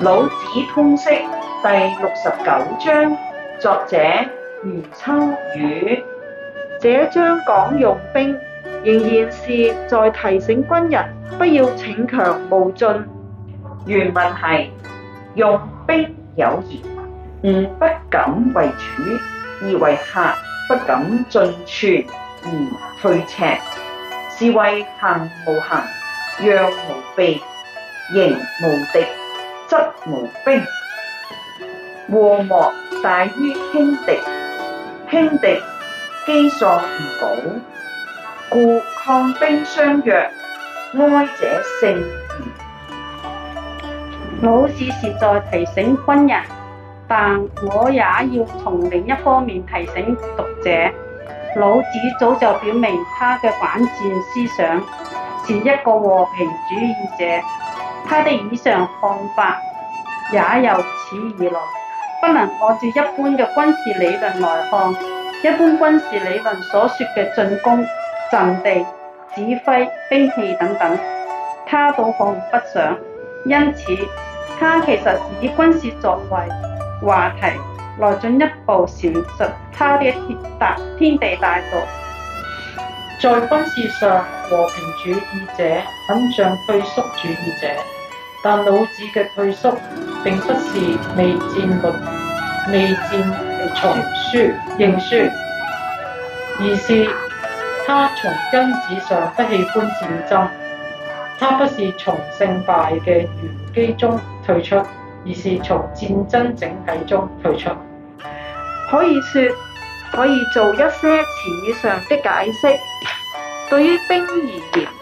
老子通釋第六十九章，作者余秋雨。這一章講用兵，仍然是在提醒軍人不要逞強冒進。原文係：用兵有言，吾不敢為主，而為客，不敢進寸而退尺，是謂行無行，攘無臂，扔無敵。無兵，和莫大於輕敵，輕敵基喪唔保，故抗兵相若，哀者勝。老子是在提醒軍人，但我也要從另一方面提醒讀者，老子早就表明他嘅反戰思想，是一個和平主義者，他的以上看法。也由此而來，不能按照一般嘅軍事理論來看，一般軍事理論所說嘅進攻、陣地、指揮、兵器等等，他都看不上，因此，他其實是以軍事作為話題，來進一步闡述他嘅天達天地大道。在軍事上，和平主義者很像退縮主義者，但老子嘅退縮。並不是未戰沒未戰而從輸、認輸，而是他從根子上不喜歡戰爭。他不是從勝敗嘅玄機中退出，而是從戰爭整體中退出。可以説，可以做一些詞語上的解釋，對於兵而言。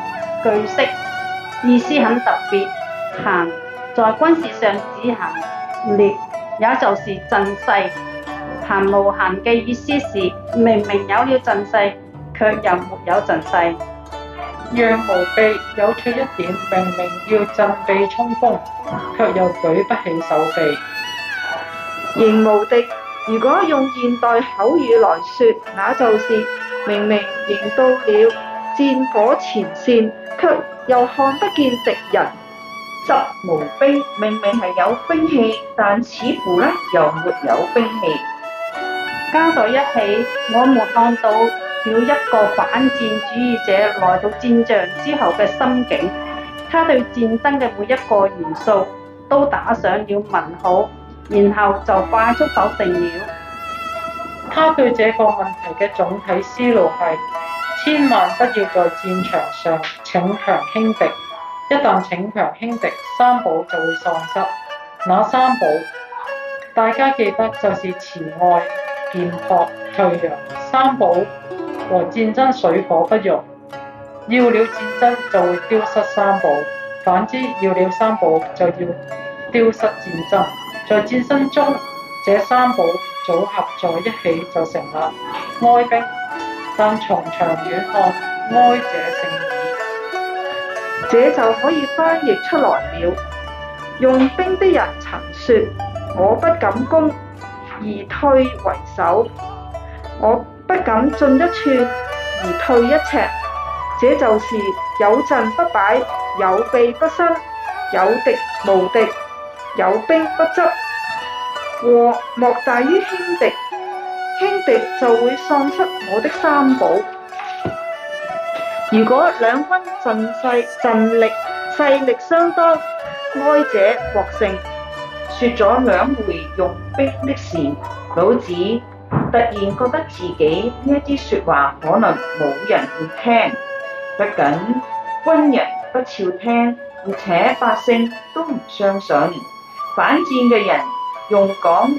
句式意思很特別，行在軍事上指行列，也就是陣勢。行無行嘅意思是明明有了陣勢，卻又沒有陣勢；讓無臂有缺一點，明明要振臂衝鋒，卻又舉不起手臂。贏無敵，如果用現代口語來說，那就是明明贏到了戰火前線。卻又看不見敵人，則無兵。明明係有兵器，但似乎呢又沒有兵器。加在一起，我們看到了一個反戰主義者來到戰場之後嘅心境。他對戰爭嘅每一個元素都打上了問號，然後就快速否定了。他對這個問題嘅總體思路係。千萬不要在戰場上逞強輕敵，一旦逞強輕敵，三寶就會喪失。那三寶，大家記得就是慈愛、儉樸、退讓三寶，和戰爭水火不容。要了戰爭就會丟失三寶，反之要了三寶就要丟失戰爭。在戰爭中，這三寶組合在一起就成啦，哀兵。但從長遠看，哀者勝矣。這就可以翻譯出來了。用兵的人曾說：我不敢攻，而退為守；我不敢進一寸，而退一尺。這就是有陣不擺，有臂不伸，有敵無敵，有兵不執。禍莫大於輕敵。輕敵就會喪失我的三寶。如果兩軍盡勢盡力，勢力相當，哀者獲勝。說咗兩回用兵的事，老子突然覺得自己呢一啲說話可能冇人會聽。不僅軍人不照聽，而且百姓都唔相信。反戰嘅人用講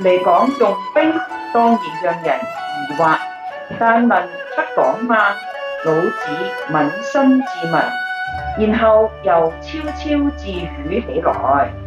嚟講用兵，當然讓人疑惑，但問不講嘛？老子捫心自問，然後又悄悄自語起來。